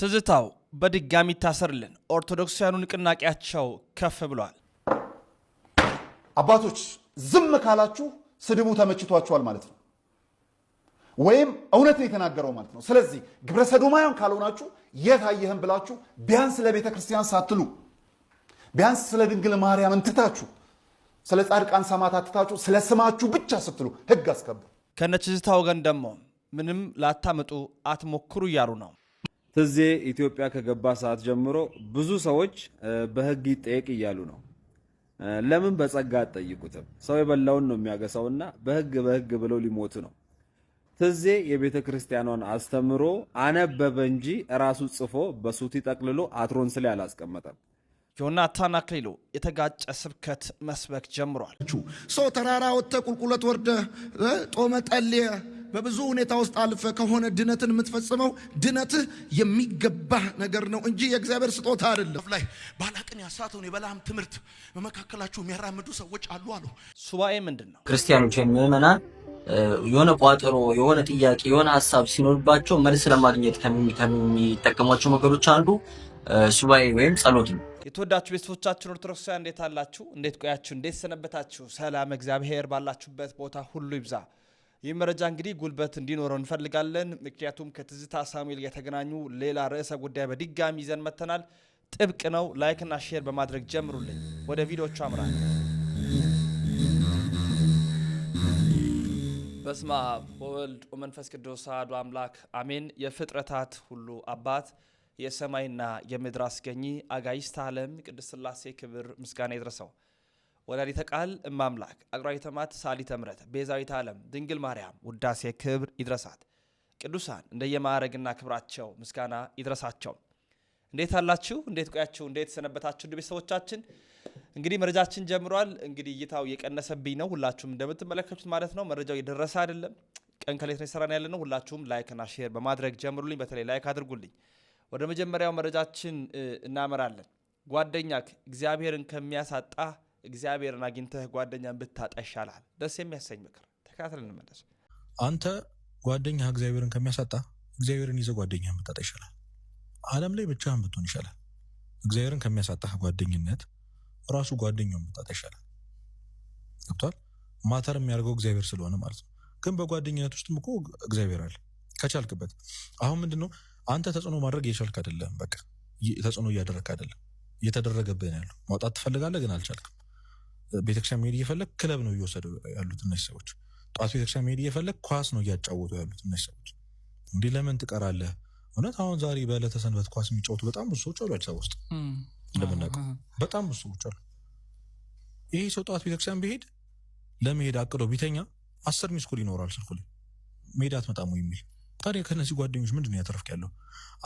ትዝታው በድጋሚ ይታሰርልን። ኦርቶዶክሳውያኑ ንቅናቄያቸው ከፍ ብሏል። አባቶች ዝም ካላችሁ ስድቡ ተመችቷችኋል ማለት ነው፣ ወይም እውነትን የተናገረው ማለት ነው። ስለዚህ ግብረ ሰዶማውያን ካልሆናችሁ የት አየህም ብላችሁ ቢያንስ ለቤተ ክርስቲያን ሳትሉ ቢያንስ ስለ ድንግል ማርያም እንትታችሁ ስለ ጻድቃን ሰማት አትታችሁ ስለ ስማችሁ ብቻ ስትሉ ህግ አስከብሩ። ከነ ወገን ደግሞ ምንም ላታመጡ አትሞክሩ እያሉ ነው። ትዜ ኢትዮጵያ ከገባ ሰዓት ጀምሮ ብዙ ሰዎች በህግ ይጠየቅ እያሉ ነው። ለምን በጸጋ አትጠይቁትም? ሰው የበላውን ነው የሚያገሳውና በህግ በህግ ብለው ሊሞቱ ነው። ትዜ የቤተ ክርስቲያኗን አስተምሮ አነበበ እንጂ ራሱ ጽፎ በሱቲ ጠቅልሎ አትሮንስ ላይ አላስቀመጠም። ዮናታን አክሊሉ የተጋጨ ስብከት መስበክ ጀምሯል። ሰው ተራራ ወጥተህ ቁልቁለት ጦመ ጠልየ በብዙ ሁኔታ ውስጥ አልፈ ከሆነ ድነትን የምትፈጽመው ድነትህ የሚገባ ነገር ነው እንጂ የእግዚአብሔር ስጦታ አይደለም። ላይ ባላቅን ያሳተውን የበላም ትምህርት በመካከላችሁ የሚያራምዱ ሰዎች አሉ አሉ። ሱባኤ ምንድን ነው? ክርስቲያኖች ወይም የሆነ ቋጠሮ፣ የሆነ ጥያቄ፣ የሆነ ሀሳብ ሲኖርባቸው መልስ ለማግኘት ከሚጠቀሟቸው መንገዶች አንዱ ሱባኤ ወይም ጸሎት ነው። የተወዳችሁ ቤተሰቦቻችን ኦርቶዶክሳውያን እንዴት አላችሁ? እንዴት ቆያችሁ? እንዴት ሰነበታችሁ? ሰላም እግዚአብሔር ባላችሁበት ቦታ ሁሉ ይብዛ። ይህ መረጃ እንግዲህ ጉልበት እንዲኖረው እንፈልጋለን። ምክንያቱም ከትዝታ ሳሙኤል የተገናኙ ሌላ ርዕሰ ጉዳይ በድጋሚ ይዘን መጥተናል። ጥብቅ ነው። ላይክና ሼር በማድረግ ጀምሩልኝ። ወደ ቪዲዮቹ አምራል። በስመ አብ ወወልድ ወመንፈስ ቅዱስ አሐዱ አምላክ አሜን። የፍጥረታት ሁሉ አባት የሰማይና የምድር አስገኚ አጋዕዝተ ዓለም ቅድስት ሥላሴ ክብር ምስጋና ይድረሰው። ወላዲተ ቃል እማምላክ አቅራሪተ ሳሊተ ምረት ቤዛዊት ዓለም ድንግል ማርያም ውዳሴ ክብር ይድረሳት። ቅዱሳን እንደየማዕረግና ክብራቸው ምስጋና ይድረሳቸው። እንዴት አላችሁ? እንዴት ቆያችሁ? እንዴት ሰነበታችሁ? እንደ ቤተሰቦቻችን እንግዲህ መረጃችን ጀምሯል። እንግዲህ እይታው እየቀነሰብኝ ነው፣ ሁላችሁም እንደምትመለከቱት ማለት ነው። መረጃው እየደረሰ አይደለም። ቀን ከሌት ነው የሰራን ያለ ነው። ሁላችሁም ላይክና ሼር በማድረግ ጀምሩልኝ። በተለይ ላይክ አድርጉልኝ። ወደ መጀመሪያው መረጃችን እናመራለን። ጓደኛ እግዚአብሔርን ከሚያሳጣ እግዚአብሔርን አግኝተህ ጓደኛን ብታጣ ይሻልሃል። ደስ የሚያሰኝ ምክር ተከታተል፣ እንመለስ። አንተ ጓደኛህ እግዚአብሔርን ከሚያሳጣ እግዚአብሔርን ይዘህ ጓደኛህን ብታጣ ይሻላል። ዓለም ላይ ብቻህን ብትሆን ይሻላል። እግዚአብሔርን ከሚያሳጣህ ጓደኝነት ራሱ ጓደኛውን ብታጣ ይሻላል። ገብቷል? ማተር የሚያደርገው እግዚአብሔር ስለሆነ ማለት ነው። ግን በጓደኝነት ውስጥም እኮ እግዚአብሔር አለ ከቻልክበት። አሁን ምንድን ነው አንተ ተጽዕኖ ማድረግ የቻልክ አይደለም። በቃ ተጽዕኖ እያደረግክ አይደለም፣ እየተደረገብህ ያለው ማውጣት ትፈልጋለህ፣ ግን አልቻልክም። ቤተክርስቲያን መሄድ እየፈለግ ክለብ ነው እየወሰዱ ያሉት እነዚህ ሰዎች። ጠዋት ቤተክርስቲያን መሄድ እየፈለግ ኳስ ነው እያጫወቱ ያሉት እነዚህ ሰዎች። እንዲህ ለምን ትቀራለህ? እውነት አሁን ዛሬ በዕለተ ሰንበት ኳስ የሚጫወቱ በጣም ብዙ ሰዎች አሉ። አዲስ አበባ ውስጥ እንደምናውቀው በጣም ብዙ ሰዎች አሉ። ይሄ ሰው ጠዋት ቤተክርስቲያን ብሄድ ለመሄድ አቅዶ ቢተኛ አስር ሚስኩል ይኖራል ስልኩ ላይ ሜዳ አትመጣም የሚል ታዲያ ከነዚህ ጓደኞች ምንድን ነው ያተረፍክ ያለው?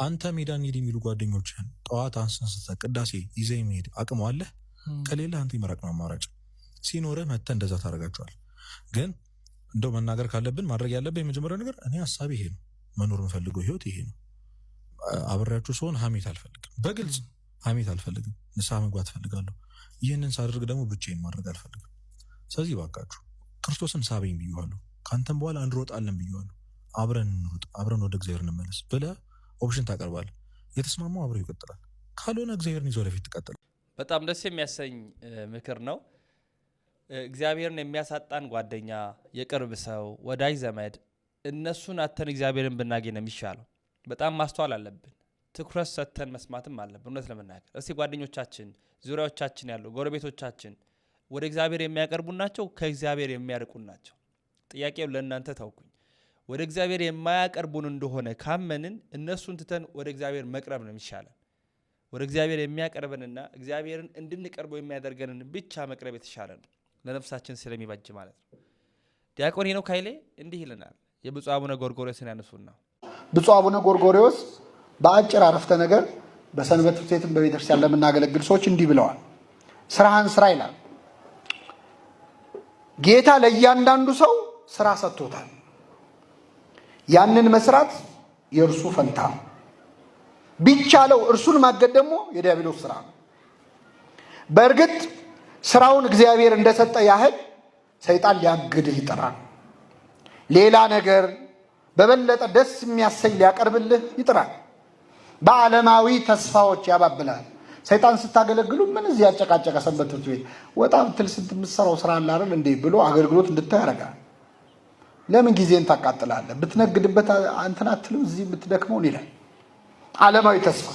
አንተ ሜዳ እንሂድ የሚሉ ጓደኞችህን ጠዋት አንስነስተ ቅዳሴ ይዘህ መሄድ አቅመዋለህ። ከሌላ አንተ ይመራቅ ነው አማራጭ ሲኖርህ መተህ እንደዛ ታደርጋቸዋል። ግን እንደው መናገር ካለብን ማድረግ ያለብህ የመጀመሪያው ነገር እኔ ሀሳብ ይሄ ነው፣ መኖር የምፈልገው ህይወት ይሄ ነው። አብሬያችሁ ሲሆን ሀሜት አልፈልግም፣ በግልጽ ሀሜት አልፈልግም። ንስሐ መግባት እፈልጋለሁ። ይህንን ሳደርግ ደግሞ ብቻዬን ማድረግ አልፈልግም። ስለዚህ ባካችሁ ክርስቶስን ሳበኝ ብየዋለሁ፣ ከአንተም በኋላ እንሮጣለን ብየዋለሁ፣ አብረን እንሩጥ፣ አብረን ወደ እግዚአብሔር እንመለስ ብለህ ኦፕሽን ታቀርባለህ። የተስማማው አብረው ይቀጥላል፣ ካልሆነ እግዚአብሔርን ይዞ ወደፊት ትቀጥላል። በጣም ደስ የሚያሰኝ ምክር ነው። እግዚአብሔርን የሚያሳጣን ጓደኛ፣ የቅርብ ሰው፣ ወዳጅ ዘመድ እነሱን አተን እግዚአብሔርን ብናገኝ ነው የሚሻለው። በጣም ማስተዋል አለብን። ትኩረት ሰጥተን መስማትም አለብን። እውነት ለመናገር እስቲ ጓደኞቻችን፣ ዙሪያዎቻችን ያሉ ጎረቤቶቻችን ወደ እግዚአብሔር የሚያቀርቡን ናቸው፣ ከእግዚአብሔር የሚያርቁን ናቸው። ጥያቄው ለእናንተ ተውኩኝ። ወደ እግዚአብሔር የማያቀርቡን እንደሆነ ካመንን እነሱን ትተን ወደ እግዚአብሔር መቅረብ ነው የሚሻለን። ወደ እግዚአብሔር የሚያቀርበንና እግዚአብሔርን እንድንቀርበው የሚያደርገንን ብቻ መቅረብ የተሻለ ነው። ለነፍሳችን ስለሚበጅ ማለት ነው። ዲያቆን ሄኖክ ኃይሌ እንዲህ ይልናል። የብፁዕ አቡነ ጎርጎሪዎስን ያነሱና ብፁዕ አቡነ ጎርጎሪዎስ በአጭር አረፍተ ነገር በሰንበት ውጤትም በቤተክርስቲያን ለምናገለግል ሰዎች እንዲህ ብለዋል። ስራህን ስራ ይላል። ጌታ ለእያንዳንዱ ሰው ስራ ሰጥቶታል። ያንን መስራት የእርሱ ፈንታ ነው። ቢቻለው እርሱን ማገድ ደግሞ የዲያብሎስ ስራ ነው። በእርግጥ ስራውን እግዚአብሔር እንደሰጠ ያህል ሰይጣን ሊያግድህ ይጥራል። ሌላ ነገር በበለጠ ደስ የሚያሰኝ ሊያቀርብልህ ይጥራል። በዓለማዊ ተስፋዎች ያባብላል። ሰይጣን ስታገለግሉ ምን እዚህ ያጨቃጨቀ ሰንበት ትምህርት ቤት ወጣ ብትል ስንት የምትሰራው ስራ አለ አይደል እንዴ ብሎ አገልግሎት እንድታ ያደርጋል። ለምን ጊዜን ታቃጥላለህ? ብትነግድበት እንትን አትልም እዚህ የምትደክመውን ይላል። ዓለማዊ ተስፋ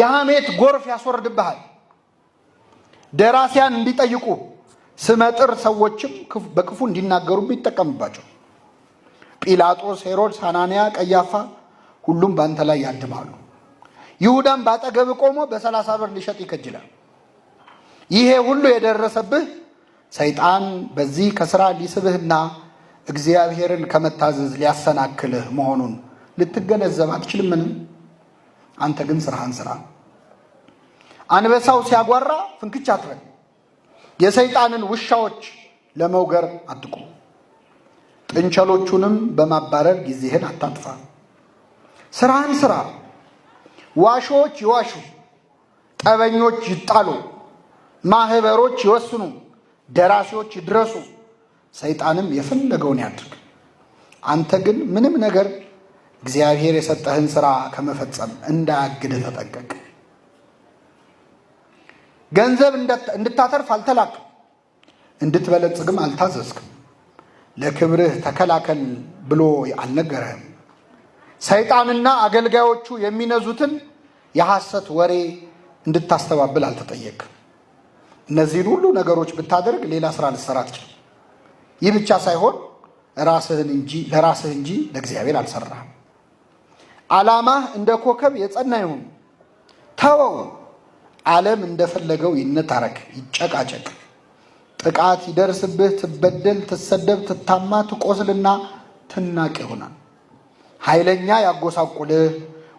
የሐሜት ጎርፍ ያስወርድብሃል። ደራሲያን እንዲጠይቁ ስመጥር ሰዎችም በክፉ እንዲናገሩ ይጠቀምባቸው። ጲላጦስ፣ ሄሮድስ፣ ሐናንያ፣ ቀያፋ ሁሉም በአንተ ላይ ያድማሉ። ይሁዳም በአጠገብ ቆሞ በሰላሳ ብር ሊሸጥ ይከጅላል። ይሄ ሁሉ የደረሰብህ ሰይጣን በዚህ ከሥራ ሊስብህና እግዚአብሔርን ከመታዘዝ ሊያሰናክልህ መሆኑን ልትገነዘብ አትችልምንም? አንተ ግን ሥራህን ሥራ። አንበሳው ሲያጓራ ፍንክች አትበል። የሰይጣንን ውሻዎች ለመውገር አትቁም። ጥንቸሎቹንም በማባረር ጊዜህን አታጥፋ። ስራህን ስራ። ዋሾዎች ይዋሹ፣ ጠበኞች ይጣሉ፣ ማህበሮች ይወስኑ፣ ደራሲዎች ይድረሱ፣ ሰይጣንም የፈለገውን ያድርግ። አንተ ግን ምንም ነገር እግዚአብሔር የሰጠህን ሥራ ከመፈጸም እንዳያግድህ ተጠንቀቅ። ገንዘብ እንድታተርፍ አልተላክም፣ እንድትበለጽግም አልታዘዝክም። ለክብርህ ተከላከል ብሎ አልነገረህም። ሰይጣንና አገልጋዮቹ የሚነዙትን የሐሰት ወሬ እንድታስተባብል አልተጠየቅም። እነዚህን ሁሉ ነገሮች ብታደርግ ሌላ ስራ ልትሰራ ትችል። ይህ ብቻ ሳይሆን ራስህን እንጂ ለራስህ እንጂ ለእግዚአብሔር አልሰራህም። ዓላማህ እንደ ኮከብ የጸና ይሁን። ተወው። ዓለም እንደፈለገው ይነታረክ፣ ይጨቃጨቅ፣ ጥቃት ይደርስብህ፣ ትበደል፣ ትሰደብ፣ ትታማ፣ ትቆስልና ትናቅ ይሆናል። ኃይለኛ ያጎሳቁልህ፣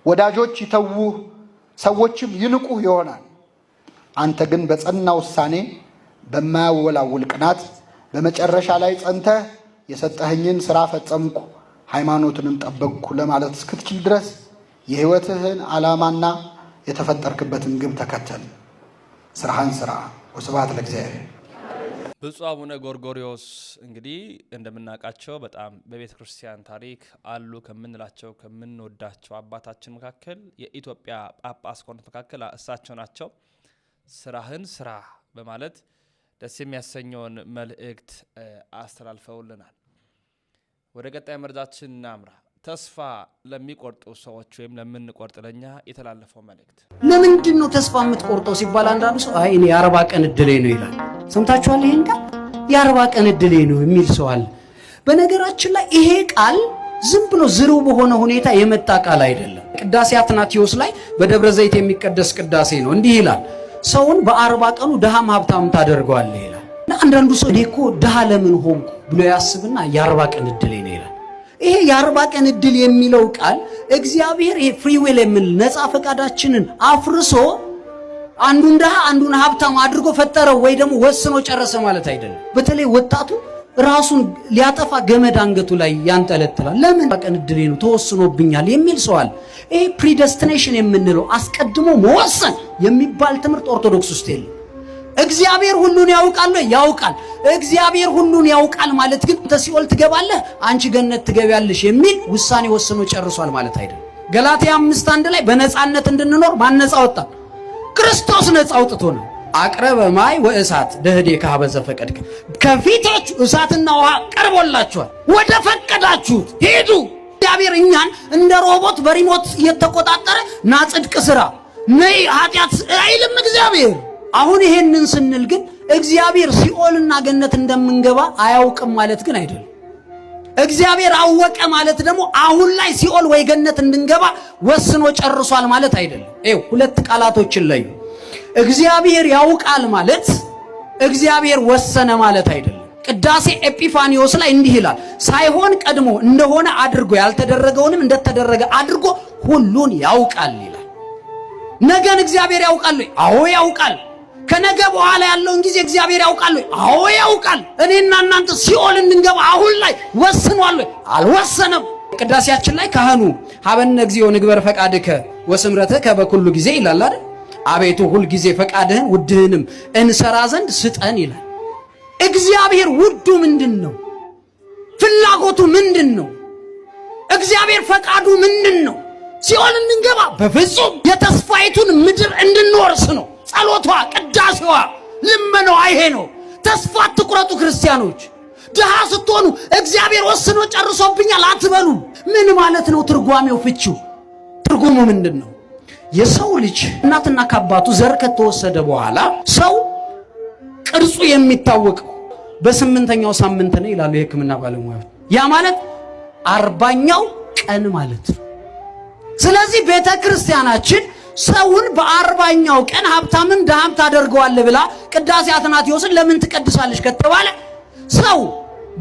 ወዳጆች ይተውህ፣ ሰዎችም ይንቁህ ይሆናል። አንተ ግን በጸና ውሳኔ፣ በማያወላውል ቅናት በመጨረሻ ላይ ጸንተህ የሰጠኸኝን ሥራ ፈጸምኩ ሃይማኖትንም ጠበቅኩ ለማለት እስክትችል ድረስ የሕይወትህን ዓላማና የተፈጠርክበትን ግብ ተከተል፣ ስራህን ስራ። ወስብሐት ለእግዚአብሔር። ብፁዕ አቡነ ጎርጎሪዎስ እንግዲህ እንደምናውቃቸው በጣም በቤተ ክርስቲያን ታሪክ አሉ ከምንላቸው ከምንወዳቸው አባታችን መካከል የኢትዮጵያ ጳጳስ ከሆኑት መካከል እሳቸው ናቸው። ስራህን ስራ በማለት ደስ የሚያሰኘውን መልእክት አስተላልፈውልናል። ወደ ቀጣይ መረጃችን እናምራ። ተስፋ ለሚቆርጡ ሰዎች ወይም ለምንቆርጥ ለኛ የተላለፈው መልእክት ለምንድን ነው ተስፋ የምትቆርጠው ሲባል አንዳንዱ ሰው አይ እኔ የአርባ ቀን እድሌ ነው ይላል። ሰምታችኋል? ይህን ቃል የአርባ ቀን እድሌ ነው የሚል ሰው አለ። በነገራችን ላይ ይሄ ቃል ዝም ብሎ ዝሩ በሆነ ሁኔታ የመጣ ቃል አይደለም። ቅዳሴ አትናቴዎስ ላይ በደብረ ዘይት የሚቀደስ ቅዳሴ ነው። እንዲህ ይላል፣ ሰውን በአርባ ቀኑ ድሃም ሀብታም ታደርገዋለህ ይላል። እና አንዳንዱ ሰው እኔ እኮ ድሃ ለምን ሆንኩ ብሎ ያስብና የአርባ ቀን እድሌ ነው ይሄ የአርባ ቀን እድል የሚለው ቃል እግዚአብሔር ይሄ ፍሪ ዊል የምል ነፃ ፈቃዳችንን አፍርሶ አንዱን ድሃ አንዱን ሀብታም አድርጎ ፈጠረው ወይ ደግሞ ወስኖ ጨረሰ ማለት አይደለም። በተለይ ወጣቱ ራሱን ሊያጠፋ ገመድ አንገቱ ላይ ያንጠለጥላል። ለምን ቀን እድሌ ነው ተወስኖብኛል የሚል ሰዋል። ይሄ ፕሪደስቲኔሽን የምንለው አስቀድሞ መወሰን የሚባል ትምህርት ኦርቶዶክስ ውስጥ የለም። እግዚአብሔር ሁሉን ያውቃል። ያውቃል። እግዚአብሔር ሁሉን ያውቃል ማለት ግን ተሲኦል ትገባለህ፣ አንቺ ገነት ትገቢያለሽ የሚል ውሳኔ ወስኖ ጨርሷል ማለት አይደለም። ገላትያ አምስት አንድ ላይ በነፃነት እንድንኖር ማን ነፃ ወጣ? ክርስቶስ ነፃ ነው አቅረበ ማይ ወእሳት ደህዴ ካህበ ዘፈቀድከ፣ ከፊታችሁ እሳትና ውሃ ቀርቦላችኋል፣ ወደ ፈቀዳችሁት ሄዱ። እግዚአብሔር እኛን እንደ ሮቦት በሪሞት እየተቆጣጠረ ና ጽድቅ ስራ ነይ ኃጢአት አይልም እግዚአብሔር አሁን ይሄንን ስንል ግን እግዚአብሔር ሲኦልና ገነት እንደምንገባ አያውቅም ማለት ግን አይደለም። እግዚአብሔር አወቀ ማለት ደግሞ አሁን ላይ ሲኦል ወይ ገነት እንድንገባ ወስኖ ጨርሷል ማለት አይደለም። ይኸው ሁለት ቃላቶችን ለዩ። እግዚአብሔር ያውቃል ማለት እግዚአብሔር ወሰነ ማለት አይደለም። ቅዳሴ ኤጲፋኒዮስ ላይ እንዲህ ይላል፣ ሳይሆን ቀድሞ እንደሆነ አድርጎ ያልተደረገውንም እንደተደረገ አድርጎ ሁሉን ያውቃል ይላል። ነገን እግዚአብሔር ያውቃል? አዎ ያውቃል። ከነገ በኋላ ያለውን ጊዜ እግዚአብሔር ያውቃል ወይ? አዎ ያውቃል። እኔና እናንተ ሲኦል እንድንገባ አሁን ላይ ወስኗል ወይ? አልወሰነም። ቅዳሴያችን ላይ ካህኑ ሀበነ እግዚኦ ንግበር ፈቃድከ ወስምረትከ በኩሉ ጊዜ ይላል አይደል? አቤቱ ሁል ጊዜ ፈቃድህን ውድህንም እንሰራ ዘንድ ስጠን ይላል። እግዚአብሔር ውዱ ምንድን ነው? ፍላጎቱ ምንድን ነው? እግዚአብሔር ፈቃዱ ምንድን ነው? ሲኦል እንድንገባ በፍጹም የተስፋይቱን ምድር እንድንወርስ ነው። ጸሎቷ፣ ቅዳሴዋ፣ ልመናዋ ይሄ ነው። ተስፋ አትቁረጡ ክርስቲያኖች። ድሃ ስትሆኑ እግዚአብሔር ወስኖ ጨርሶብኛል አትበሉ። ምን ማለት ነው? ትርጓሜው፣ ፍቺው፣ ትርጉሙ ምንድን ነው? የሰው ልጅ እናትና ከአባቱ ዘር ከተወሰደ በኋላ ሰው ቅርጹ የሚታወቀው በስምንተኛው ሳምንት ነው ይላሉ የሕክምና ባለሙያዎች። ያ ማለት አርባኛው ቀን ማለት ነው። ስለዚህ ቤተ ክርስቲያናችን ሰውን በአርባኛው ቀን ሀብታምም ድሃም ታደርገዋለህ ብላ ቅዳሴ አትናቴዎስን ለምን ትቀድሳለች ከተባለ ሰው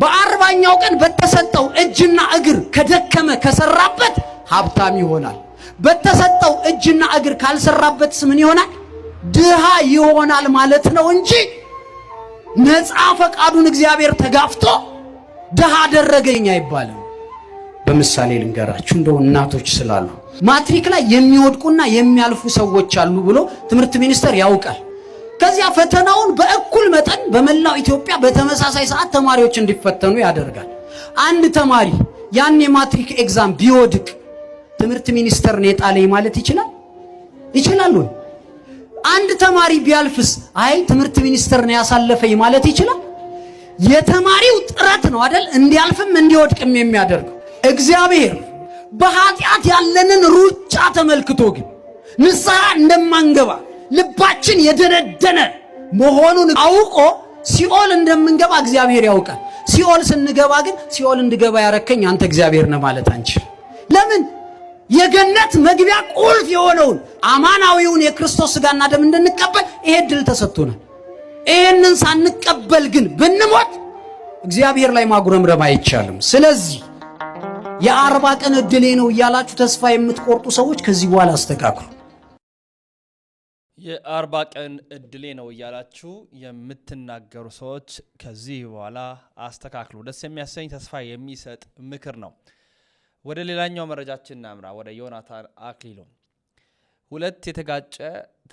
በአርባኛው ቀን በተሰጠው እጅና እግር ከደከመ ከሰራበት ሀብታም ይሆናል። በተሰጠው እጅና እግር ካልሰራበት ስምን ይሆናል ድሃ ይሆናል ማለት ነው እንጂ ነፃ ፈቃዱን እግዚአብሔር ተጋፍቶ ድሃ አደረገኝ አይባልም። በምሳሌ ልንገራችሁ እንደው እናቶች ስላሉ ማትሪክ ላይ የሚወድቁና የሚያልፉ ሰዎች አሉ ብሎ ትምህርት ሚኒስቴር ያውቃል። ከዚያ ፈተናውን በእኩል መጠን በመላው ኢትዮጵያ በተመሳሳይ ሰዓት ተማሪዎች እንዲፈተኑ ያደርጋል። አንድ ተማሪ ያን የማትሪክ ኤግዛም ቢወድቅ ትምህርት ሚኒስቴር ነው የጣለኝ ማለት ይችላል ይችላል ወይ? አንድ ተማሪ ቢያልፍስ አይ ትምህርት ሚኒስቴር ነው ያሳለፈኝ ማለት ይችላል? የተማሪው ጥረት ነው አይደል እንዲያልፍም እንዲወድቅም የሚያደርገው እግዚአብሔር በኃጢአት ያለንን ሩጫ ተመልክቶ ግን ንስሐ እንደማንገባ ልባችን የደነደነ መሆኑን አውቆ ሲኦል እንደምንገባ እግዚአብሔር ያውቃል። ሲኦል ስንገባ ግን ሲኦል እንድገባ ያረከኝ አንተ እግዚአብሔር ነህ ማለት አንችል። ለምን የገነት መግቢያ ቁልፍ የሆነውን አማናዊውን የክርስቶስ ስጋና ደም እንድንቀበል ይሄ ድል ተሰጥቶናል። ይህንን ሳንቀበል ግን ብንሞት እግዚአብሔር ላይ ማጉረምረም አይቻልም። ስለዚህ የአርባ ቀን እድሌ ነው እያላችሁ ተስፋ የምትቆርጡ ሰዎች ከዚህ በኋላ አስተካክሉ። የአርባ ቀን እድሌ ነው እያላችሁ የምትናገሩ ሰዎች ከዚህ በኋላ አስተካክሉ። ደስ የሚያሰኝ ተስፋ የሚሰጥ ምክር ነው። ወደ ሌላኛው መረጃችን እናምራ። ወደ ዮናታን አክሊሉ ሁለት የተጋጨ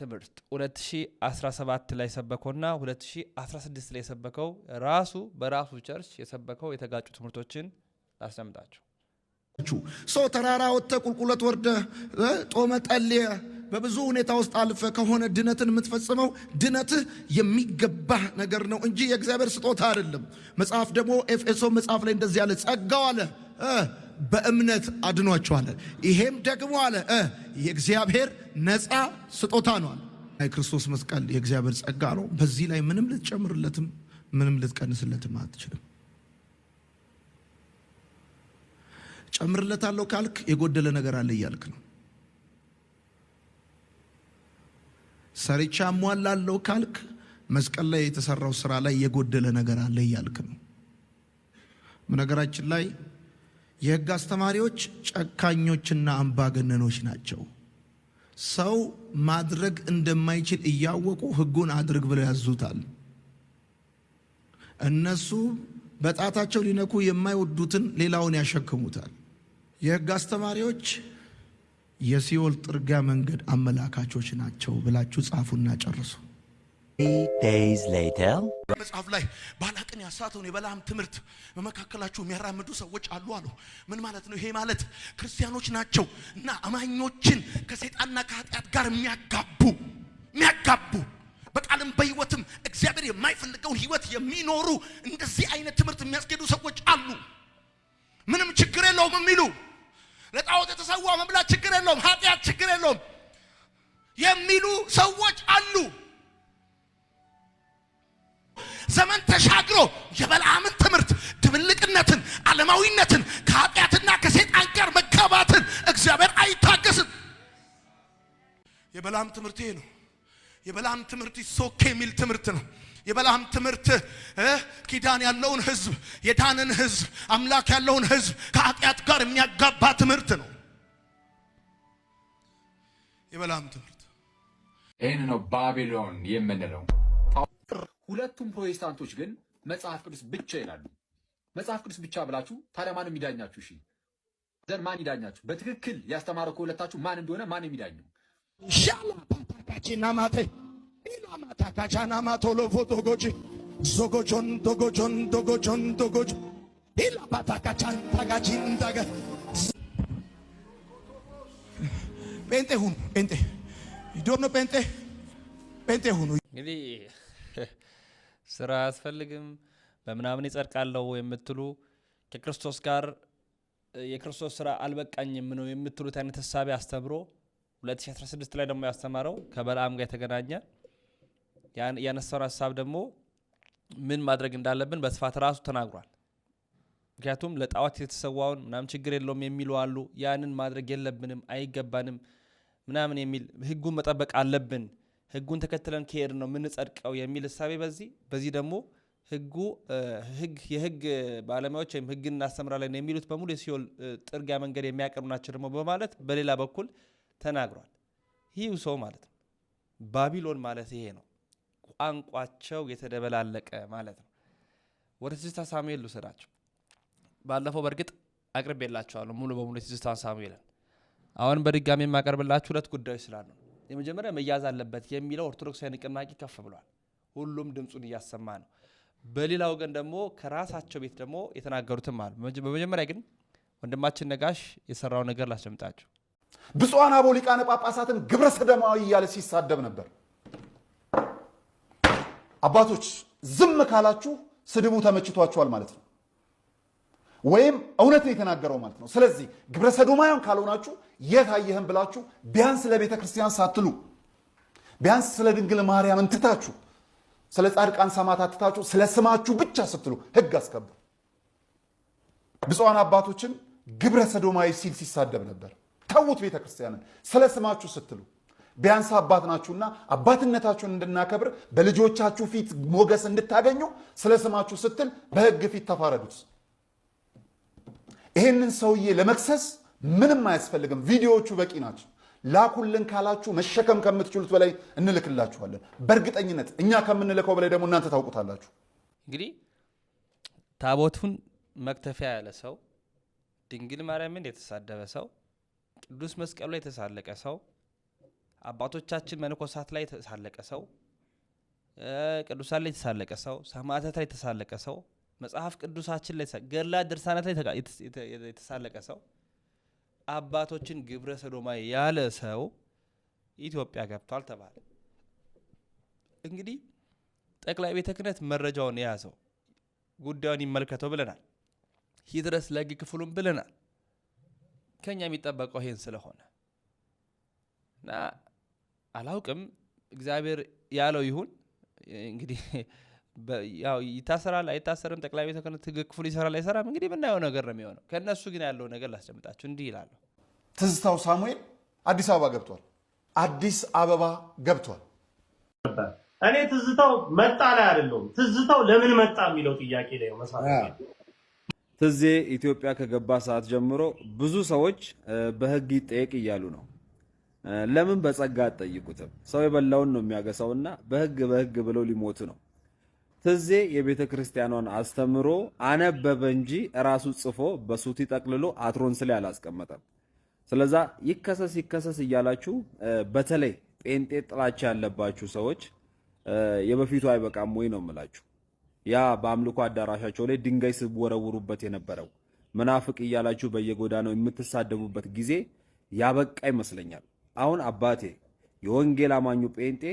ትምህርት 2017 ላይ ሰበከውና 2016 ላይ የሰበከው ራሱ በራሱ ቸርች የሰበከው የተጋጩ ትምህርቶችን ላስደምጣችሁ። ሰው ሰው ተራራ ወጥተህ ቁልቁለት ወርደ ጦመ ጠልየ በብዙ ሁኔታ ውስጥ አልፈ ከሆነ ድነትን የምትፈጽመው ድነትህ የሚገባ ነገር ነው እንጂ የእግዚአብሔር ስጦታ አይደለም። መጽሐፍ ደግሞ ኤፌሶን መጽሐፍ ላይ እንደዚህ አለ፣ ጸጋው አለ በእምነት አድኗቸዋለ ይሄም ደግሞ አለ የእግዚአብሔር ነፃ ስጦታ ነው አለ። የክርስቶስ መስቀል የእግዚአብሔር ጸጋ ነው። በዚህ ላይ ምንም ልትጨምርለትም ምንም ልትቀንስለትም አትችልም። ጨምርለታለሁ ካልክ የጎደለ ነገር አለ እያልክ ነው። ሰርቻ አሟላለሁ ካልክ መስቀል ላይ የተሰራው ስራ ላይ የጎደለ ነገር አለ እያልክ ነው። በነገራችን ላይ የህግ አስተማሪዎች ጨካኞችና አምባገነኖች ናቸው። ሰው ማድረግ እንደማይችል እያወቁ ህጉን አድርግ ብለው ያዙታል። እነሱ በጣታቸው ሊነኩ የማይወዱትን ሌላውን ያሸክሙታል። የህግ አስተማሪዎች የሲኦል ጥርጊያ መንገድ አመላካቾች ናቸው ብላችሁ ጻፉና ጨርሱ። መጽሐፍ ላይ ባላቅን ያሳተውን የበላም ትምህርት በመካከላችሁ የሚያራምዱ ሰዎች አሉ አሉ። ምን ማለት ነው? ይሄ ማለት ክርስቲያኖች ናቸው እና አማኞችን ከሰይጣንና ከኃጢአት ጋር የሚያጋቡ የሚያጋቡ በቃልም በህይወትም እግዚአብሔር የማይፈልገውን ህይወት የሚኖሩ እንደዚህ አይነት ትምህርት የሚያስጌዱ ሰዎች አሉ። ምንም ችግር የለውም የሚሉ ለጣዖት የተሰዋ መብላት ችግር የለውም፣ ኃጢአት ችግር የለውም የሚሉ ሰዎች አሉ። ዘመን ተሻግሮ የበልዓምን ትምህርት ድብልቅነትን፣ ዓለማዊነትን፣ ከኃጢአትና ከሴጣን ጋር መጋባትን እግዚአብሔር አይታገስም። የበልዓም ትምህርት ይሄ ነው። የበላም ትምህርት ሶኬ የሚል ትምህርት ነው። የበላም ትምህርት ኪዳን ያለውን ህዝብ፣ የዳንን ህዝብ፣ አምላክ ያለውን ህዝብ ከአጥያት ጋር የሚያጋባ ትምህርት ነው። የበላም ትምህርት ይህን ነው ባቢሎን የምንለው። ሁለቱም ፕሮቴስታንቶች ግን መጽሐፍ ቅዱስ ብቻ ይላሉ። መጽሐፍ ቅዱስ ብቻ ብላችሁ ታዲያ ማንም ይዳኛችሁ? እሺ ዘን ማን ይዳኛችሁ? በትክክል ያስተማረው ከሁለታችሁ ማን እንደሆነ ማን የሚዳኘው ሻላፓታካቺናማቴ ኢላማታካቻናማቶሎፎቶጎጂ ዞጎጆን ዶጎጆን ዶጎጆን ዶጎጆ ኢላፓታካቻን ታጋቺን ዳገ ጴንጤ ሁኑ ጴንጤ ዶኖ ጴንጤ ጴንጤ ሁኑ። እንግዲህ ስራ አያስፈልግም በምናምን ይጸድቃለሁ የምትሉ ከክርስቶስ ጋር የክርስቶስ ስራ አልበቃኝም ነው የምትሉት አይነት ሀሳቢ አስተምሮ 2016 ላይ ደግሞ ያስተማረው ከበልአም ጋር የተገናኘ ያነሳውን ሀሳብ ደግሞ ምን ማድረግ እንዳለብን በስፋት ራሱ ተናግሯል። ምክንያቱም ለጣዖት የተሰዋውን ምናምን ችግር የለውም የሚሉ አሉ። ያንን ማድረግ የለብንም አይገባንም፣ ምናምን የሚል ህጉን መጠበቅ አለብን፣ ህጉን ተከትለን ከሄድ ነው የምንጸድቀው የሚል እሳቤ በዚህ በዚህ ደግሞ ህጉ ህግ የህግ ባለሙያዎች ወይም ህግን እናስተምራለን የሚሉት በሙሉ የሲኦል ጥርጊያ መንገድ የሚያቀርቡ ናቸው ደግሞ በማለት በሌላ በኩል ተናግሯል። ይህው ሰው ማለት ነው። ባቢሎን ማለት ይሄ ነው። ቋንቋቸው የተደበላለቀ ማለት ነው። ወደ ትዝታ ሳሙኤል ልውሰዳቸው። ባለፈው በእርግጥ አቅርቤላቸዋለሁ ሙሉ በሙሉ የትዝታን ሳሙኤልን። አሁን በድጋሚ የማቀርብላችሁ ሁለት ጉዳዮች ስላሉ፣ የመጀመሪያ መያዝ አለበት የሚለው ኦርቶዶክሳዊ ንቅናቄ ከፍ ብሏል። ሁሉም ድምፁን እያሰማ ነው። በሌላ ወገን ደግሞ ከራሳቸው ቤት ደግሞ የተናገሩትም አሉ። በመጀመሪያ ግን ወንድማችን ነጋሽ የሰራው ነገር ላስደምጣችሁ። ብፁዓን አበው ሊቃነ ጳጳሳትን ግብረ ሰደማዊ እያለ ሲሳደብ ነበር። አባቶች ዝም ካላችሁ ስድቡ ተመችቷችኋል ማለት ነው፣ ወይም እውነትን የተናገረው ማለት ነው። ስለዚህ ግብረ ሰዶማያን ካልሆናችሁ የት አየህን ብላችሁ ቢያንስ ለቤተ ክርስቲያን ሳትሉ ቢያንስ ስለ ድንግል ማርያም እንትታችሁ ስለ ጻድቃን ሰማዕታት አትታችሁ ስለ ስማችሁ ብቻ ስትሉ ሕግ አስከብሩ። ብፁዓን አባቶችን ግብረ ሰዶማዊ ሲል ሲሳደብ ነበር። ተዉት። ቤተ ክርስቲያንን ስለ ስማችሁ ስትሉ ቢያንስ አባት ናችሁና አባትነታችሁን እንድናከብር በልጆቻችሁ ፊት ሞገስ እንድታገኙ ስለ ስማችሁ ስትል በህግ ፊት ተፋረዱት። ይህንን ሰውዬ ለመክሰስ ምንም አያስፈልግም። ቪዲዮዎቹ በቂ ናቸው። ላኩልን ካላችሁ መሸከም ከምትችሉት በላይ እንልክላችኋለን። በእርግጠኝነት እኛ ከምንልከው በላይ ደግሞ እናንተ ታውቁታላችሁ። እንግዲህ ታቦቱን መክተፊያ ያለ ሰው ድንግል ማርያምን የተሳደበ ሰው ቅዱስ መስቀሉ ላይ የተሳለቀ ሰው፣ አባቶቻችን መነኮሳት ላይ የተሳለቀ ሰው፣ ቅዱሳን ላይ የተሳለቀ ሰው፣ ሰማዕታት ላይ የተሳለቀ ሰው፣ መጽሐፍ ቅዱሳችን ላይ ገድላት፣ ድርሳናት ላይ የተሳለቀ ሰው፣ አባቶችን ግብረ ሰዶማዊ ያለ ሰው ኢትዮጵያ ገብቷል ተባለ። እንግዲህ ጠቅላይ ቤተ ክህነት መረጃውን የያዘው ጉዳዩን ይመልከተው ብለናል። ሂድረስ ለሕግ ክፍሉም ብለናል። ከኛ የሚጠበቀው ይሄን ስለሆነ እና አላውቅም፣ እግዚአብሔር ያለው ይሁን። እንግዲህ ያው ይታሰራል አይታሰርም፣ ጠቅላይ ቤተ ክህነት ህግ ክፍል ይሰራል አይሰራም፣ እንግዲህ የምናየው ነገር ነው የሚሆነው። ከእነሱ ግን ያለው ነገር ላስደምጣችሁ እንዲህ ይላሉ። ትዝታው ሳሙኤል አዲስ አበባ ገብቷል። አዲስ አበባ ገብቷል። እኔ ትዝታው መጣ ላይ አይደለሁም። ትዝታው ለምን መጣ የሚለው ጥያቄ ላይ መሳ ትዜ ኢትዮጵያ ከገባ ሰዓት ጀምሮ ብዙ ሰዎች በህግ ይጠየቅ እያሉ ነው። ለምን በጸጋ አትጠይቁትም? ሰው የበላውን ነው የሚያገሳውና በህግ በህግ ብለው ሊሞቱ ነው። ትዜ የቤተ ክርስቲያኗን አስተምሮ አነበበ እንጂ ራሱ ጽፎ በሱቲ ጠቅልሎ አትሮንስ ላይ አላስቀመጠም። ስለዛ ይከሰስ ይከሰስ እያላችሁ በተለይ ጴንጤ ጥላቻ ያለባችሁ ሰዎች የበፊቱ አይበቃም ወይ ነው የምላችሁ። ያ በአምልኮ አዳራሻቸው ላይ ድንጋይ ስወረውሩበት የነበረው መናፍቅ እያላችሁ በየጎዳናው የምትሳደቡበት ጊዜ ያበቃ ይመስለኛል። አሁን አባቴ የወንጌል አማኙ ጴንጤ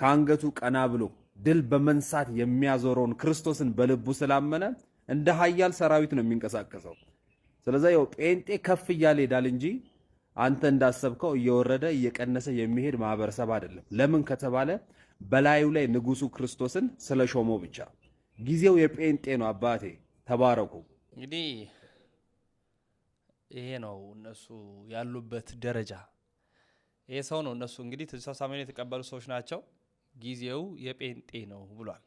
ከአንገቱ ቀና ብሎ ድል በመንሳት የሚያዞረውን ክርስቶስን በልቡ ስላመነ እንደ ኃያል ሰራዊት ነው የሚንቀሳቀሰው። ስለዛ ው ጴንጤ ከፍ እያለ ሄዳል እንጂ አንተ እንዳሰብከው እየወረደ እየቀነሰ የሚሄድ ማህበረሰብ አይደለም። ለምን ከተባለ በላዩ ላይ ንጉሱ ክርስቶስን ስለ ሾሞ ብቻ። ጊዜው የጴንጤ ነው። አባቴ ተባረኩ። እንግዲህ ይሄ ነው እነሱ ያሉበት ደረጃ። ይሄ ሰው ነው እነሱ እንግዲህ ተሳሳሚን የተቀበሉ ሰዎች ናቸው። ጊዜው የጴንጤ ነው ብሏል።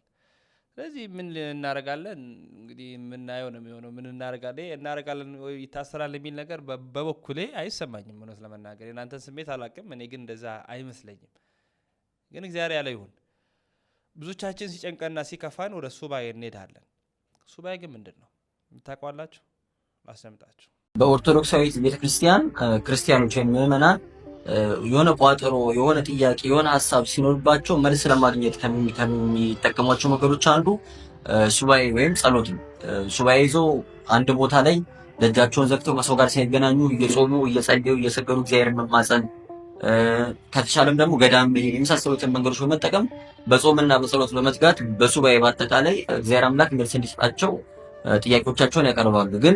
ስለዚህ ምን እናደርጋለን? እንግዲህ የምናየው ነው የሚሆነው። ምን እናደርጋለን? እናደርጋለን ወይ ይታሰራል የሚል ነገር በበኩሌ አይሰማኝም። እውነት ለመናገር የናንተን ስሜት አላውቅም። እኔ ግን እንደዛ አይመስለኝም። ግን እግዚአብሔር ያለ ይሁን። ብዙቻችን ሲጨንቀና ሲከፋን ወደ ሱባኤ እንሄዳለን። ሱባኤ ግን ምንድን ነው የምታውቋላችሁ? ላስደምጣችሁ። በኦርቶዶክሳዊት ቤተክርስቲያን ክርስቲያኖች ወይም የሆነ ቋጠሮ፣ የሆነ ጥያቄ፣ የሆነ ሀሳብ ሲኖርባቸው መልስ ለማግኘት ከሚጠቀሟቸው መንገዶች አንዱ ሱባኤ ወይም ጸሎት ነው። ሱባኤ ይዞ አንድ ቦታ ላይ ደጃቸውን ዘግተው ከሰው ጋር ሳይገናኙ እየጾሙ እየጸለዩ እየሰገዱ እግዚአብሔር መማፀን ከተቻለም ደግሞ ገዳም የመሳሰሉትን መንገዶች በመጠቀም በጾምና በጸሎት በመትጋት በሱባኤ በአጠቃላይ እግዚአብሔር አምላክ መልስ እንዲሰጣቸው ጥያቄዎቻቸውን ያቀርባሉ። ግን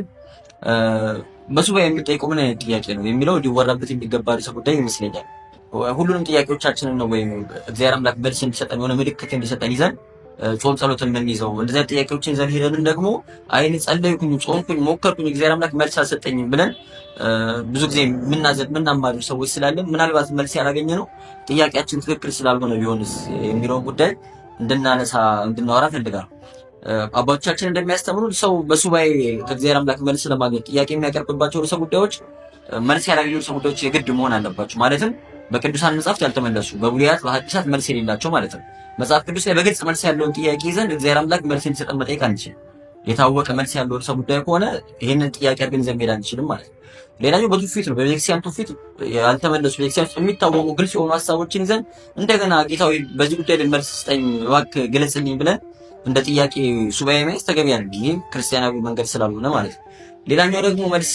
በሱባኤ የሚጠይቁ ምን አይነት ጥያቄ ነው የሚለው ሊወራበት የሚገባ ርዕሰ ጉዳይ ይመስለኛል። ሁሉንም ጥያቄዎቻችንን ነው ወይም እግዚአብሔር አምላክ መልስ እንዲሰጠን የሆነ ምልክት እንዲሰጠን ይዘን ጾም ጸሎትን የምንይዘው እንደዚህ ጥያቄዎችን ዘን ሄደንም ደግሞ አይን ጸለይኩኝ፣ ጾምኩኝ፣ ሞከርኩኝ እግዚአብሔር አምላክ መልስ አልሰጠኝም ብለን ብዙ ጊዜ ምናዘን ምናማሩ ሰዎች ስላለን ምናልባት መልስ ያላገኘ ነው ጥያቄያችን ትክክል ስላልሆነ ቢሆንስ የሚለውን ጉዳይ እንድናነሳ እንድናወራ ፈልጋል። አባቶቻችን እንደሚያስተምሩ ሰው በሱባኤ ከእግዚአብሔር አምላክ መልስ ለማግኘት ጥያቄ የሚያቀርብባቸው ርዕሰ ጉዳዮች መልስ ያላገኙ ርዕሰ ጉዳዮች የግድ መሆን አለባቸው ማለትም በቅዱሳን መጽሐፍት ያልተመለሱ በብሉያት በሐዲሳት መልስ የሌላቸው ማለት ነው። መጽሐፍ ቅዱስ ላይ በግልጽ መልስ ያለውን ጥያቄ ይዘን እግዚአብሔር አምላክ መልስ እንዲሰጠን መጠየቅ አንችልም። የታወቀ መልስ ያለው ርዕሰ ጉዳይ ከሆነ ይህንን ጥያቄ አድርገን ይዘን መሄድ አንችልም ማለት ነው። ሌላኛው በትውፊት ነው። በቤተክርስቲያን ትውፊት ያልተመለሱ ቤተክርስቲያን ውስጥ የሚታወቁ ግልጽ የሆኑ ሀሳቦችን ይዘን እንደገና ጌታዊ በዚህ ጉዳይ ላይ መልስ ስጠኝ እባክህ ግለጽልኝ ብለን እንደ ጥያቄ ሱባኤ መያዝ ተገቢ አይደለም። ይህ ክርስቲያናዊ መንገድ ስላልሆነ ማለት ነው። ሌላኛው ደግሞ መልስ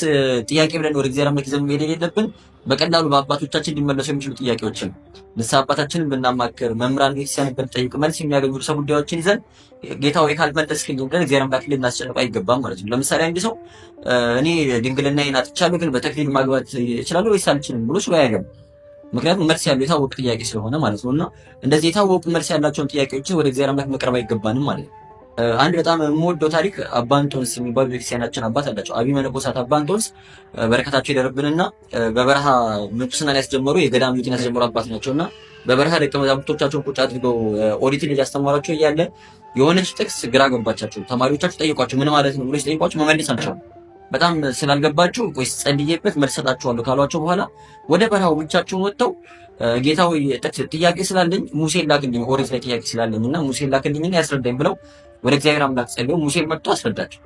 ጥያቄ ብለን ወደ እግዚአብሔር አምላክ ይዘን መሄድ የሌለብን በቀላሉ በአባቶቻችን ሊመለሱ የሚችሉ ጥያቄዎችን ንስሐ አባታችንን ብናማክር መምህራን ቤተክርስቲያን ብንጠይቅ መልስ የሚያገኙ ርዕሰ ጉዳዮችን ይዘን ጌታ ወይ ካልመለስክልኝ ብለን እግዚአብሔር አምላክ ልናስጨንቅ አይገባም ማለት ነው። ለምሳሌ አንድ ሰው እኔ ድንግልናዬን አጥቻለሁ፣ ግን በተክሊል ማግባት እችላለሁ ወይስ አልችልም ብሎ ሱባኤ አይገባም። ምክንያቱም መልስ ያለው የታወቀ ጥያቄ ስለሆነ ማለት ነው። እና እንደዚህ የታወቁ መልስ ያላቸውን ጥያቄዎችን ወደ እግዚአብሔር አምላክ መቅረብ አይገባንም ማለት ነው። አንድ በጣም የምወደው ታሪክ አባንቶንስ የሚባሉ ቤተክርስቲያናችን አባት አላቸው። አቢ መነኮሳት አባንቶንስ በረከታቸው ይደርብንና በበረሃ ምንኩስና ላይ ያስጀመሩ የገዳም ልጅን ያስጀመሩ አባት ናቸው እና በበረሃ ደቀ መዛሙርቶቻቸውን ቁጭ አድርገው ኦዲትን እያስተማራቸው እያለ የሆነች ጥቅስ ግራ ገባቻቸው። ተማሪዎቻቸው ጠይቋቸው፣ ምን ማለት ነው ብሎ ሲጠይቋቸው መመለስ አልቻሉም። በጣም ስላልገባቸው ቆይ ጸልዬበት መልስ ካሏቸው በኋላ ወደ በረሃው ብቻቸውን ወጥተው ጌታ ሆይ ጥያቄ ስላለኝ ሙሴን ላክልኝ፣ ኦሪት ላይ ጥያቄ ስላለኝ እና ሙሴን ላክልኝና ያስረዳኝ ብለው ወደ እግዚአብሔር አምላክ ጸልየው ሙሴን መጥቶ አስረዳቸው።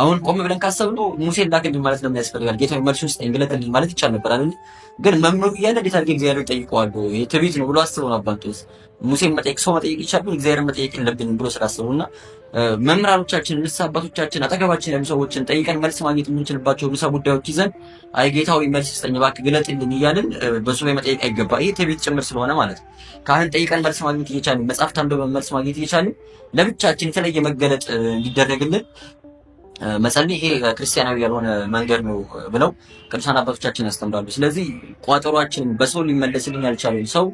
አሁን ቆም ብለን ካሰብነው ሙሴን ላክልኝ ማለት ለምን ያስፈልጋል? ጌታ ሆይ መልሱን ስጠኝ ግለጥልኝ ማለት ይቻል ነበር አይደል? ግን መምሩ እያለ እንዴት አድርጌ እግዚአብሔር ይጠይቀዋሉ? ትዕቢት ነው ብሎ አስበው ነው አባቶስ። ሙሴን መጠየቅ ሰው መጠየቅ ይቻሉ፣ እግዚአብሔር መጠየቅ የለብንም ብሎ ስላስቡ እና መምህራኖቻችን፣ ንስሐ አባቶቻችን፣ አጠገባችን ያሉ ሰዎችን ጠይቀን መልስ ማግኘት የምንችልባቸው ንስሐ ጉዳዮች ይዘን አይ ጌታዊ መልስ ስጠኝ እባክህ ግለጥልን እያልን በሱ ላይ መጠየቅ አይገባ። ይህ ትቢት ጭምር ስለሆነ ማለት ነው። ካህን ጠይቀን መልስ ማግኘት እየቻልን መጽሐፍ ታንበበን መልስ ማግኘት እየቻልን ለብቻችን የተለየ መገለጥ እንዲደረግልን መጸለይ ይሄ ክርስቲያናዊ ያልሆነ መንገድ ነው ብለው ቅዱሳን አባቶቻችን ያስተምራሉ። ስለዚህ ቋጠሯችን በሰው ሊመለስልኝ አልቻለም። ሰው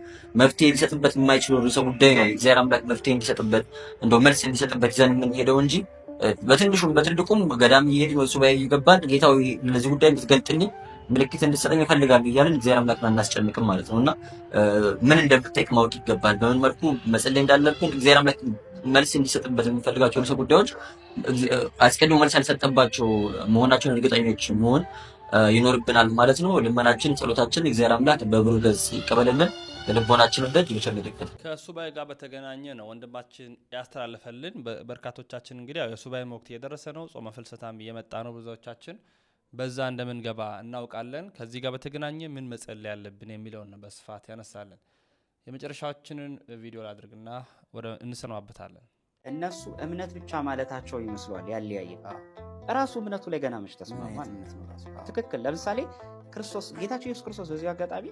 መፍትሄ ሊሰጥበት የማይችለው ርዕሰ ጉዳይ ነው። እግዚአብሔር አምላክ መፍትሄ እንዲሰጥበት እንደው መልስ እንዲሰጥበት ይዘን የምንሄደው እንጂ በትንሹም በትልቁም ገዳም እየሄድን ወይ ሱባኤ እየገባን ጌታዊ እነዚህ ጉዳይ እንድትገልጥልኝ ምልክት እንድሰጠኝ እፈልጋለሁ እያለን እግዚአብሔር አምላክን አናስጨንቅም ማለት ነው እና ምን እንደምጠይቅ ማወቅ ይገባል። በምን መልኩ መጸለይ እንዳለብን እግዚአብሔር አምላክ መልስ እንዲሰጥበት የምንፈልጋቸው ርዕሰ ጉዳዮች አስቀድሞ መልስ ያልሰጠባቸው መሆናቸውን እርግጠኞች መሆን ይኖርብናል ማለት ነው። ልመናችን፣ ጸሎታችን እግዚአብሔር አምላክ በብሩህ ገጽ ይቀበልልን። ልቦናችን ወደድ ይቸልድበት። ከሱባኤ ጋር በተገናኘ ነው ወንድማችን ያስተላለፈልን። በርካቶቻችን እንግዲህ የሱባኤ ወቅት እየደረሰ ነው። ጾመ ፍልሰታም እየመጣ ነው። ብዙዎቻችን በዛ እንደምንገባ እናውቃለን። ከዚህ ጋር በተገናኘ ምን መጸለይ ያለብን የሚለውን በስፋት ያነሳለን። የመጨረሻችንን ቪዲዮ ላድርግና ወደ እንሰማበታለን። እነሱ እምነት ብቻ ማለታቸው ይመስሏል ያለያየ ራሱ እምነቱ ላይ ገና መች ተስማማ። ትክክል። ለምሳሌ ክርስቶስ ጌታችን ኢየሱስ ክርስቶስ በዚሁ አጋጣሚ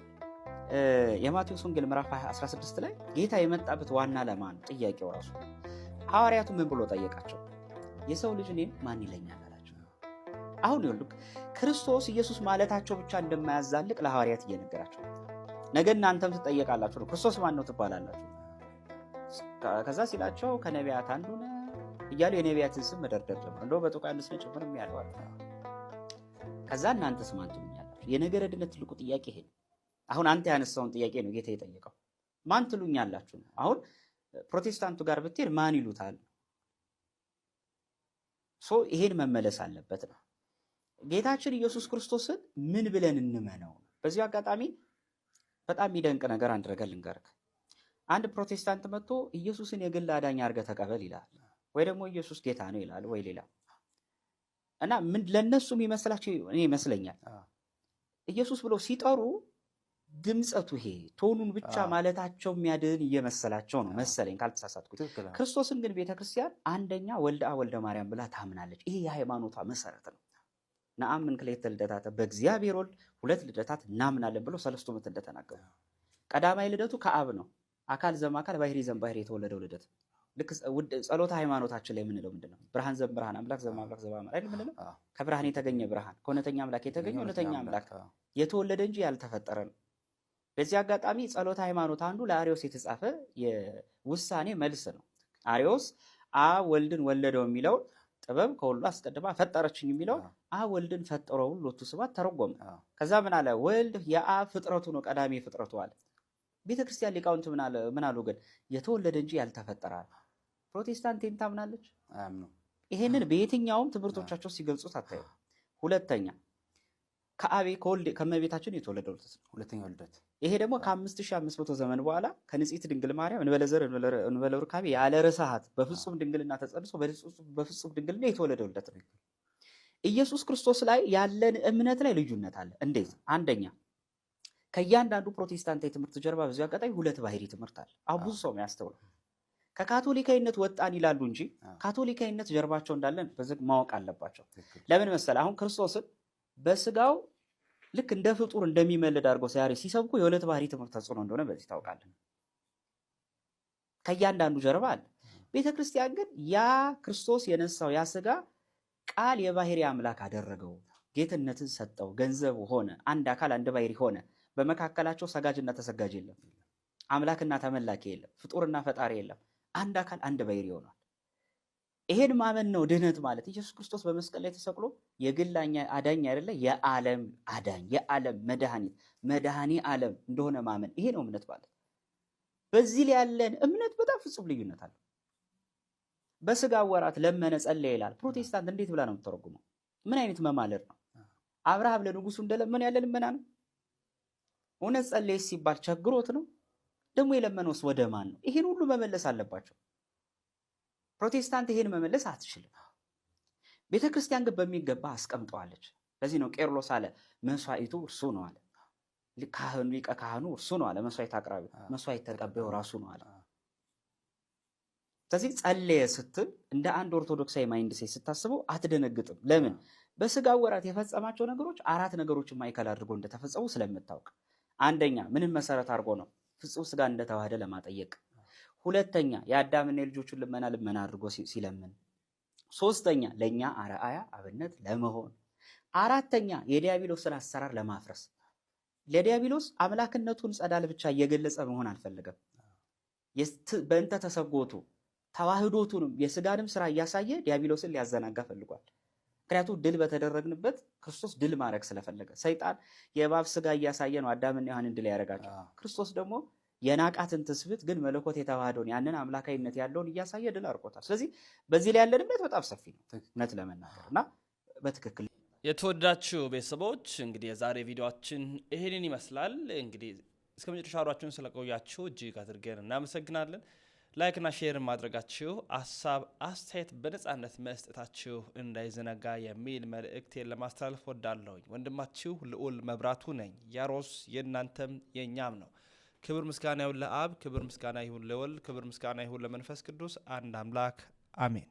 የማቴዎስ ወንጌል ምዕራፍ 16 ላይ ጌታ የመጣበት ዋና ለማን ጥያቄው ራሱ ሐዋርያቱ ምን ብሎ ጠየቃቸው? የሰው ልጅ እኔን ማን ይለኛል አሁን ይኸውልህ ክርስቶስ ኢየሱስ ማለታቸው ብቻ እንደማያዛልቅ ለሐዋርያት እየነገራቸው ነገ እናንተም ትጠየቃላችሁ ነው። ክርስቶስ ማን ነው ትባላላችሁ። ከዛ ሲላቸው ከነቢያት አንዱ ነ እያሉ የነቢያትን ስም መደርደር እንደ በጦቃ በጥቃንስ ነው ጭምር የሚያለዋል ከዛ እናንተስ ማን ትሉኛላችሁ? የነገረ ድነት ትልቁ ጥያቄ ይሄ ነው። አሁን አንተ ያነሳውን ጥያቄ ነው ጌታ የጠየቀው። ማን ትሉኛላችሁ ነው። አሁን ፕሮቴስታንቱ ጋር ብትሄድ ማን ይሉታል? ሶ ይሄን መመለስ አለበት ነው። ጌታችን ኢየሱስ ክርስቶስን ምን ብለን እንመነው? በዚህ አጋጣሚ በጣም የሚደንቅ ነገር አንድ ነገር ልንገርክ። አንድ ፕሮቴስታንት መጥቶ ኢየሱስን የግል አዳኝ አድርገህ ተቀበል ይላል፣ ወይ ደግሞ ኢየሱስ ጌታ ነው ይላል፣ ወይ ሌላ እና ምን ለእነሱ የሚመስላቸው እኔ ይመስለኛል ኢየሱስ ብለው ሲጠሩ ድምፀቱ ይሄ ቶኑን ብቻ ማለታቸው የሚያድን እየመሰላቸው ነው መሰለኝ ካልተሳሳትኩኝ። ክርስቶስን ግን ቤተክርስቲያን አንደኛ ወልደ ወልደ ማርያም ብላ ታምናለች። ይሄ የሃይማኖቷ መሰረት ነው። ነአምን ክልኤተ ልደታተ በእግዚአብሔር ወልድ ሁለት ልደታት እናምናለን ብሎ ሰለስቱ ምዕት እንደተናገሩ ቀዳማይ ልደቱ ከአብ ነው። አካል ዘም አካል ባህሪ ዘም ባህሪ የተወለደው ልደት ልክ ጸሎተ ሃይማኖታችን ላይ የምንለው ምንድነው? ብርሃን ዘም ብርሃን አምላክ ዘም አምላክ ዘም አምላክ አይደል? ምንለው ከብርሃን የተገኘ ብርሃን ከእውነተኛ አምላክ የተገኘ እውነተኛ አምላክ የተወለደ እንጂ ያልተፈጠረ ነው። በዚህ አጋጣሚ ጸሎተ ሃይማኖት አንዱ ለአሪዎስ የተጻፈ የውሳኔ መልስ ነው። አሪዎስ አብ ወልድን ወለደው የሚለውን ጥበብ ከሁሉ አስቀድማ ፈጠረችኝ የሚለው አ ወልድን ፈጠረውን ሎቱ ስባት ተረጎመ። ከዛ ምን አለ? ወልድ የአብ ፍጥረቱ ነው ቀዳሚ ፍጥረቱ አለ። ቤተክርስቲያን ሊቃውንት ምን አሉ? ግን የተወለደ እንጂ ያልተፈጠረ አለ። ፕሮቴስታንት ታምናለች። ይሄንን በየትኛውም ትምህርቶቻቸው ሲገልጹት አታዩ። ሁለተኛ ከአቤ ከወልድ ከመቤታችን የተወለደው ልደት ነው፣ ሁለተኛው ልደት። ይሄ ደግሞ ከ5500 መቶ ዘመን በኋላ ከንጽሕት ድንግል ማርያም እንበለዘር እንበለ ሩካቤ ያለ ረሳሃት በፍጹም ድንግልና ተጸንሶ በፍጹም ድንግልና የተወለደው ልደት ነው። ኢየሱስ ክርስቶስ ላይ ያለን እምነት ላይ ልዩነት አለ። እንዴት? አንደኛ ከእያንዳንዱ ፕሮቴስታንታዊ ትምህርት ጀርባ በዚ አጋጣሚ ሁለት ባህሪ ትምህርት አለ። አሁን ብዙ ሰው ያስተውለው ከካቶሊካዊነት ወጣን ይላሉ እንጂ ካቶሊካዊነት ጀርባቸው እንዳለን በዚህ ማወቅ አለባቸው። ለምን መሰለህ? አሁን ክርስቶስን በስጋው ልክ እንደ ፍጡር እንደሚመልድ አድርገው ሳያሬስ ሲሰብኩ የሁለት ባህሪ ትምህርት ተጽዕኖ እንደሆነ በዚህ ታውቃለን። ከእያንዳንዱ ጀርባ አለ። ቤተ ክርስቲያን ግን ያ ክርስቶስ የነሳው ያ ስጋ ቃል የባህሪ አምላክ አደረገው፣ ጌትነትን ሰጠው፣ ገንዘብ ሆነ፣ አንድ አካል አንድ ባህሪ ሆነ። በመካከላቸው ሰጋጅና ተሰጋጅ የለም፣ አምላክና ተመላኪ የለም፣ ፍጡርና ፈጣሪ የለም። አንድ አካል አንድ ባህሪ ሆኗል። ይሄን ማመን ነው ድህነት ማለት። ኢየሱስ ክርስቶስ በመስቀል ላይ ተሰቅሎ የግል አዳኝ አይደለ፣ የዓለም አዳኝ፣ የዓለም መድኃኒት፣ መድኃኔ ዓለም እንደሆነ ማመን ይሄ ነው እምነት ማለት። በዚህ ላይ ያለን እምነት በጣም ፍጹም ልዩነት አለው። በስጋ ወራት ለመነ ጸለየ ይላል። ፕሮቴስታንት እንዴት ብላ ነው የምትተረጉመው? ምን አይነት መማለር ነው? አብርሃም ለንጉሱ እንደለመነ ያለ ልመና ነው? እውነት ጸለየ ሲባል ቸግሮት ነው? ደግሞ የለመነውስ ወደ ማን ነው? ይሄን ሁሉ መመለስ አለባቸው። ፕሮቴስታንት ይሄን መመለስ አትችልም። ቤተ ክርስቲያን ግን በሚገባ አስቀምጠዋለች። ለዚህ ነው ቄርሎስ አለ መስዋዕቱ እርሱ ነው አለ። ካህኑ ሊቀ ካህኑ እርሱ ነው አለ። መስዋዕት አቅራቢ መስዋዕት ተቀበየው ራሱ ነው አለ። ስለዚህ ጸለየ ስትል እንደ አንድ ኦርቶዶክሳዊ ማይንድ ሴት ስታስበው አትደነግጥም። ለምን? በስጋ ወራት የፈጸማቸው ነገሮች አራት ነገሮችን ማዕከል አድርጎ እንደተፈጸሙ ስለምታውቅ። አንደኛ ምንም መሰረት አድርጎ ነው? ፍጹም ስጋ እንደተዋህደ ለማጠየቅ ሁለተኛ የአዳምና የልጆቹን ልመና ልመና አድርጎ ሲለምን፣ ሶስተኛ ለእኛ አርአያ አብነት ለመሆን፣ አራተኛ የዲያብሎስን አሰራር ለማፍረስ። ለዲያብሎስ አምላክነቱን ጸዳል ብቻ እየገለጸ መሆን አልፈለገም። በእንተ ተሰጎቱ ተዋህዶቱንም የስጋንም ስራ እያሳየ ዲያብሎስን ሊያዘናጋ ፈልጓል። ምክንያቱም ድል በተደረግንበት ክርስቶስ ድል ማድረግ ስለፈለገ ሰይጣን የእባብ ስጋ እያሳየ ነው አዳምና ሔዋንን ድል ያደረጋቸው። ክርስቶስ ደግሞ የናቃትን ትስብት ግን መለኮት የተዋህደውን ያንን አምላካዊነት ያለውን እያሳየ ድል አርቆታል። ስለዚህ በዚህ ላይ ያለን እምነት በጣም ሰፊ ነው፣ እውነት ለመናገር እና በትክክል የተወደዳችሁ ቤተሰቦች እንግዲህ የዛሬ ቪዲዮችን ይህንን ይመስላል። እንግዲህ እስከ መጨረሻ አብራችሁን ስለቆያችሁ እጅግ አድርገን እናመሰግናለን። ላይክና ሼር ማድረጋችሁ፣ ሀሳብ አስተያየት በነፃነት መስጠታችሁ እንዳይዘነጋ የሚል መልእክቴን ለማስተላለፍ ወዳለሁኝ። ወንድማችሁ ልዑል መብራቱ ነኝ። ያሮስ የእናንተም የእኛም ነው። ክብር ምስጋና ይሁን ለአብ፣ ክብር ምስጋና ይሁን ለወልድ፣ ክብር ምስጋና ይሁን ለመንፈስ ቅዱስ አንድ አምላክ አሜን።